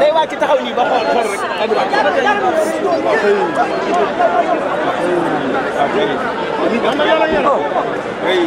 day wàcc taxaw nii ba xool xool rek. waaw kay.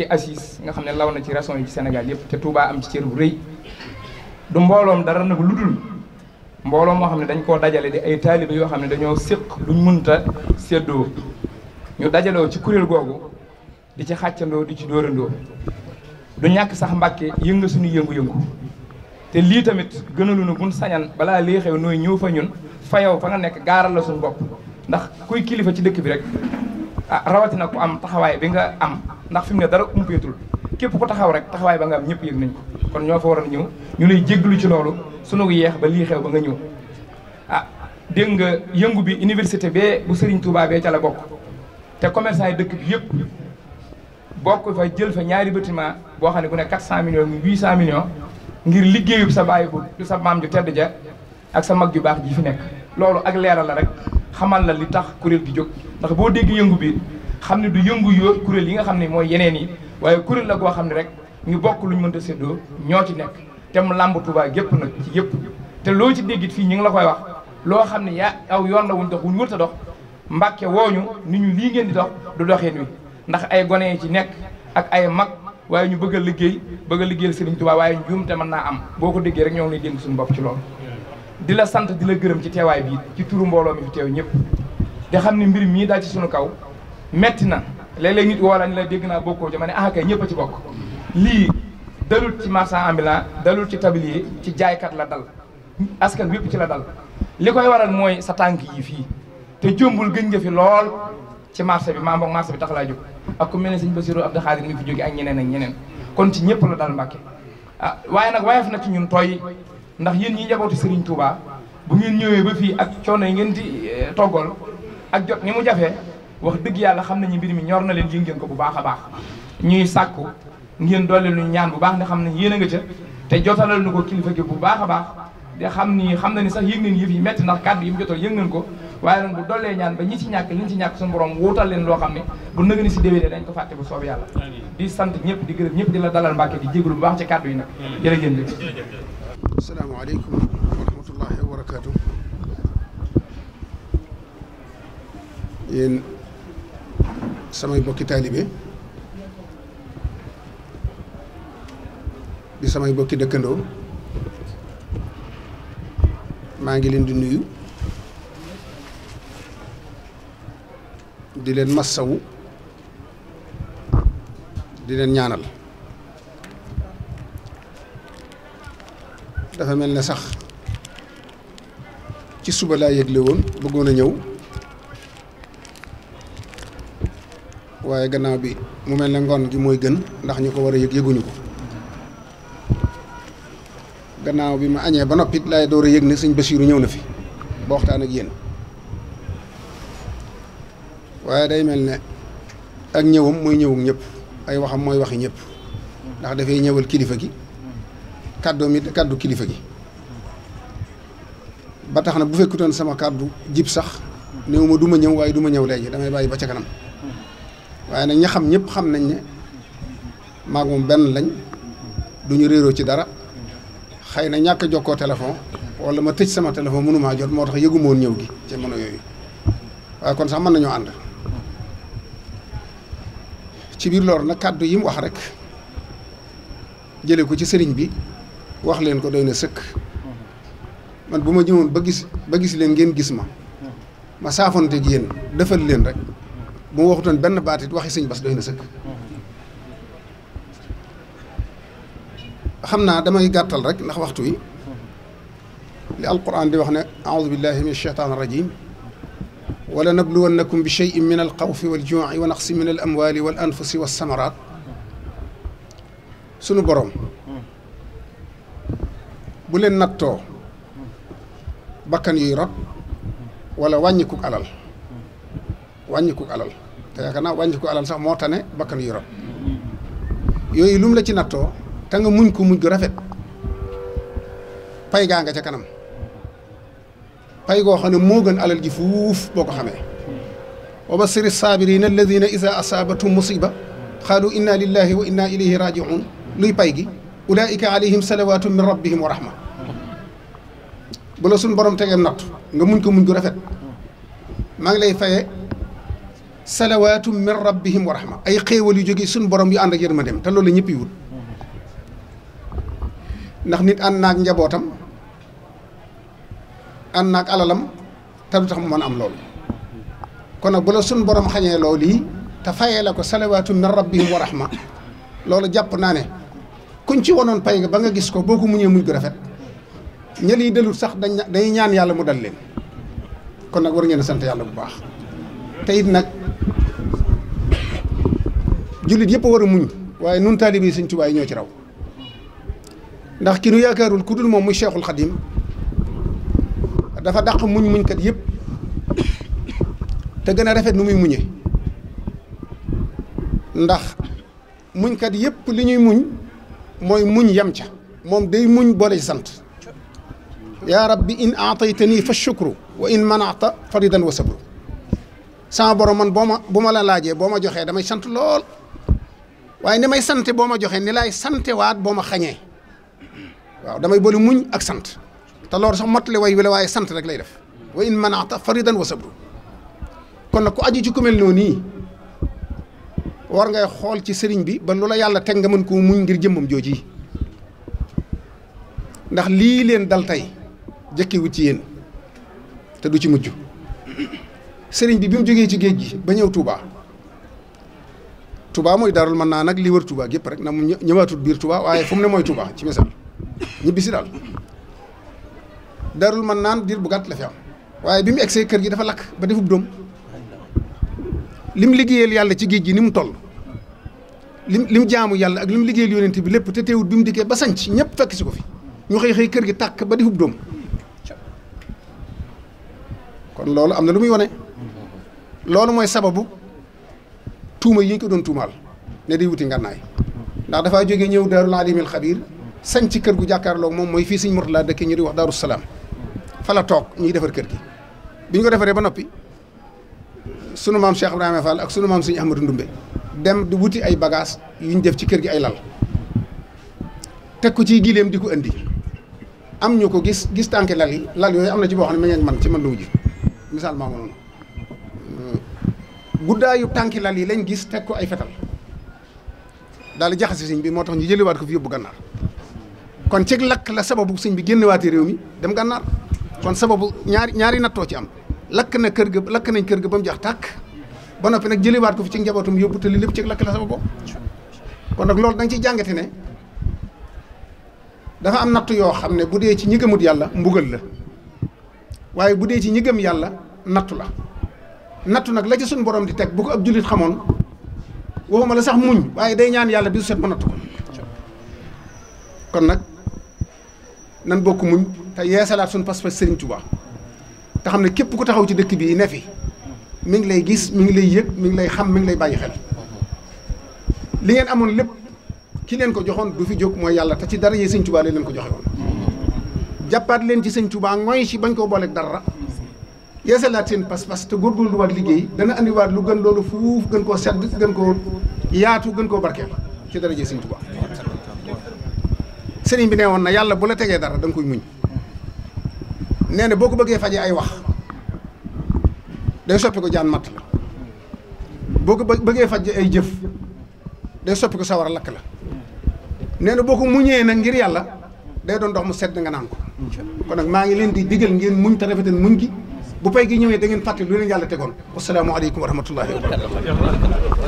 ci assise nga xam ne law na ci raison yi ci Sénégal yëpp te Touba am ci cër bu rëy du mbooloom dara nag lu dul mbooloom moo xam ne dañ koo dajale di ay taalibe yoo xam ne dañoo séq luñ munta séddoo ñu dajaloo ci kuréel googu di ci xàccandoo di ci dóorandoo du ñàkk sax mbàkke yënga suñu yëngu-yëngu te lii tamit gënalu nu buñ sañan balaa lii xew nooy ñëw fa ñun fa yow fa nga nekk gaaral la suñu bopp ndax kuy kilifa ci dëkk bi rek ah rawatina ku am ndax fi ne dara umpeetul képp ku taxaw rek taxawaay ba nga am ñëpp yëg nañ ko kon ñoo fa waroon ñëw ñu lay jégglu ci loolu sunu yeex ba lii xew ba nga ñëw ah dégg nga yëngu bi université bee bu Serigne Touba ca la bokk te commerçant yi dëkk bi yëpp bokk fa jël fa ñaari bâtiment boo xam ne bu ne 400 millions mu 800 ngir liggéeyub sa bàyyi bu sa maam ju tedd ja ak sa mag ju baax ji fi nekk loolu ak leeral la rek xamal la li tax kuréel gi jóg ndax boo dégg yëngu bi xam ne du yëngu yoo kuréel yi nga xam ne mooy yeneen yi waaye kuréel la goo xam ne rek ñu bokk luñ mënta séddoo ñoo ci nekk te mu làmb Touba gépp nag ci yëpp te loo ci déggit fii ñu ngi la koy wax loo xam ne yaa aw yoon la wuñ dox wuñ wërta dox mbàkke wooñu ni ñu lii ngeen di dox du doxeen wi ndax ay gone yi ci nekk ak ay mag waaye ñu bëgg a liggéey bëgg a liggéeyal Serigne Touba waaye njuumte mën naa am boo ko déggee rek ñoo ngi lay suñu bopp ci loolu di la sant di la gërëm ci teewaay bi ci turu mbooloo mi fi ñëpp te xam ne mbir mii daal ci suñu kaw metti na léeg-léeg nit la ñu dégg naa bokkoo ci ma ne ah ñëpp ci bokk lii dalul ci marchand ambulant dalul ci tablier ci jaaykat la dal askan wépp ci la dal li koy waral mooy sa tànk yi fii te jombul gën nga fi lool ci marché bi maa mbokk bi tax laa jóg ak ku mel ne sëñ Bassirou Abdou Khadir mi fi jóge ak ñeneen ak ñeneen kon ci ñëpp la dal Mbàkke ah waaye nag wayef na ci ñun tooy ndax yéen ñi njabootu Serigne Touba bu ngeen ñëwee ba fii ak coono yi ngeen di eh, toggal ak jot ni mu wax dëgg yàlla xam nañu mbir mi ñor na leen yëg ngeen ko bu baax a baax ñuy sàkku ngeen dooleel ñu ñaan bu baax ne xam ne yéen a nga ca te jotalal nu ko kilifa gi bu baax a baax te xam ni xam na ni sax yëg nañ yëf yi metti ndax kàddu yi mu jotal yëg nañ ko waaye nag bu dollee ñaan ba ñi ci ñàkk liñ ci ñàkk suñu borom wuutal leen loo xam ne bu nëgë ni si déwénee dañ ko fàtte bu soob yàlla di sant ñëpp di gërëm ñëpp di la dalal mbàkke di jégalu bu baax ci kàddu yi nag jërë ngeen jëf asalaamaaleykum wa rahmatullahi wa barakaatu yéen samay bokki taalibe di samay bokki dëkkandoo maa ngi leen di nuyu di leen massawu di leen ñaanal dafa mel ne sax ci suba laa yëgle woon bëggoon a ñëw waaye gannaaw bi mu mel ne ngoon gi mooy gën ndax ñu ko war a yëg yëguñu ko gannaaw bi ma añee ba noppit laay door a yëg ne sëñ Basiiru ñëw na fi ba waxtaan ak yéen waaye day mel ne ak ñëwam mooy ñëwum ñëpp ay waxam mooy waxi ñëpp ndax dafay ñëwal kilifa gi kàddoom it kàddu kilifa gi ba tax na bu fekkutoon sama kàddu jib sax new ma duma ñëw waaye du ma ñëw léegi damay bàyyi ba ca kanam waaye nañ ña xam ñépp xam nañ ne maag moom benn lañ duñu réeroo ci dara xëy na ñàkk a koo téléphone wala ma tëj sama téléphone mënumaa jot moo tax yëguma woon ñëw gi ci man a yooyu waaye kon sax man nañoo ànd ci biir loolu nag kàddu yi mu wax rek jële ko ci sëriñ bi wax leen ko doy na sëkk man bu ma ñëwoon ba gis ba gis leen ngeen gis ma ma saafonte ak yéen defal leen rek bu ma waxutoon benn baat it waxi sëñ bas doy na sëkk xam naa damay gàttal rek ndax waxtu wi li alquran di wax ne aoudu billahi min alcheytaan arrajim wala nabluwannakum bi cheyin min alxawfi waljuuci wa naqsi min alamwali wal anfusi walsamarat sunu borom bu leen nattoo bakkan yuy rot wala wàññikuk alal wàññikuk alal te yaakaar naa wàññi ko alal sax moo tane bakkan yu rot yooyu lum la ci nattoo te nga muñ ko muñ gu rafet pay gaa nga ca kanam pay goo xam ne moo gën alal ji fuuf boo ko xamee wa basiri saabirina alladina ida asaabatum musiba qaalu inna lillahi wa inna ilayhi rajiun luy pay gi ulaika alayhim salawatu min rabbihim wa rahma bu la borom tegeem natt nga muñ ko muñ gu rafet maa ngi lay faye salawaatum min rabbihim wa ma ay xéewal yu jóge suñ borom yu ànd ak yërma dem te loolu ñëpp yi wut ndax nit ànd naag njabootam ànd naag alalam te du tax mu mën am loolu kon nag bu la suñ borom xañee loolu yi te fayee la ko salawaatum min rabbihim wa rahma loolu jàpp naa ne kuñ ci wonoon pay nga ba nga gis ko boo ko muñee muñ ko rafet ña liy delul sax dañ dañuy ñaan yàlla mu dal leen kon nag war ngeen sant yàlla bu baax julit yëpp war a muñ waaye nun talibi seigne touba Tuubaa ñoo ci raw ndax ki nu yaakaarul kudul mom moom muy Cheikhul Khadim dafa dakk muñ muñ kat yëpp te gëna rafet nu muy muñe ndax muñ kat yëpp li ñuy muñ moy muñ yam ca mom day muñ boole ci sant yaa rabbi in aataytani fa shukru wa in manaata faridan wa sabru sama borom man boo ma bu ma la laajee waaye ni may sante boo ma joxee ni lay sante waat boo ma xañee waaw damay boole muñ ak sant te loolu sax mottali way wi la waaye sant rek lay def wa in manaata faridan wa sabru kon nag ku aju ci ku mel nii war ngay xool ci sëriñ bi ba lu la yàlla teg nga mën koo muñ ngir jëmmam jooji ndax lii leen dal tey jëkkewut ci yéen te du ci mujj sëriñ bi bi mu jógee ci géej gi ba ñëw tuubaa tubaa mooy darul mën naa nag li war tubaa gépp rek na mu ñëwaatul biir Touba waaye fu mu ne mooy Touba ci misaal ñibbi si daal daarul mën naan diir bu gàtt la fi am waaye bi mu egsee kër gi dafa lakk ba defub doom lim liggéeyal yàlla ci géej gi ni mu toll lim lim jaamu yàlla ak lim liggéeyal yonent bi lépp te teewut bi mu dikkee ba sanc ñëpp fekk si ko fi ñu xëy xëy kër gi tàkk ba defub doom kon loolu am na lu muy wane loolu mooy sababu. tuuma yi ko doon tuumaal ne di wuti ngànnaay ndax dafaa jógee ñëw daarul alimil khabir sañ ci kër gu jakarlo mom moy fi Sëñ Murtala dekk ñu di wax daaru salam fa la tok ñi defar kër gi biñ ko defare ba nopi sunu mam Cheikh ibrahim Fall ak sunu mam Sëñ Ahmadou Ndumbe dem di wuti ay bagage yu ñu def ci kër gi ay lal ci gilem di ko am ñuko gis gis tanke lal yi lal yoy am ci bo xamne ne meññeek man ci man lu misal ma ngono guddaayu tànki lal yi lañ gis teg ko ay fetal daal li jaxase sëñ bi moo tax ñu jëliwaat ko fi yóbbu gànnaar kon ci lakk la sababu sëñ bi génnewaatee réew mi dem gànnaar kon sababu ñaari ñaari nattoo ci am lakk na kër ga lakk nañ kër ga ba mu jax tàkk ba noppi nag jëliwaat ko fi ci njabootum yóbbu te li lépp ci lakk la sababu kon nag loolu da nga ciy jàngate ne dafa am natt yoo xam ne bu dee ci ñi gëmut yàlla mbugal la waaye bu dee ci ñi gëm yàlla nattu la nattu nag la ci suñ borom di teg bu ko ab jullit xamoon waxuma la sax muñ waaye day ñaan yàlla bisu set mu nattu ko kon nag nan bokk muñ te yeesalaat suñ pas-pas Sëriñ Tuubaa te xam ne képp ku taxaw ci dëkk bii ne fi mi ngi lay gis mi ngi lay yëg mi ngi lay xam mi ngi lay bàyyi xel li ngeen amoon lépp ki leen ko joxoon du fi jóg mooy yàlla te ci dara yee Sëriñ Tuubaa leen ko joxe woon jàppaat leen ci Sëriñ Tuubaa ngooy si bañ koo booleek dara yeesalaat seen pas-pas te góorgóorlu wat liggey dana wat lu gën lolu fuf gën ko sedd gën ko yaatu gën ko barke ci je seigne touba seigne bi ne na yalla bu la tege dara dang koy muñ neena boko beugé faji ay wax day soppi ko jaan mat la boo ko ay jëf day soppi ko sawar lak la neena boko muñé nak ngir yalla day doon dox mu sedd nga nan ko kon nak ma ngi len di digel ngeen muñ ta rafetal muñ gi bu pay gi ñëwee da ngeen fàtte lu leen yàlla tegoon wasalaamualeykum wa rahmatullahi wa barakatu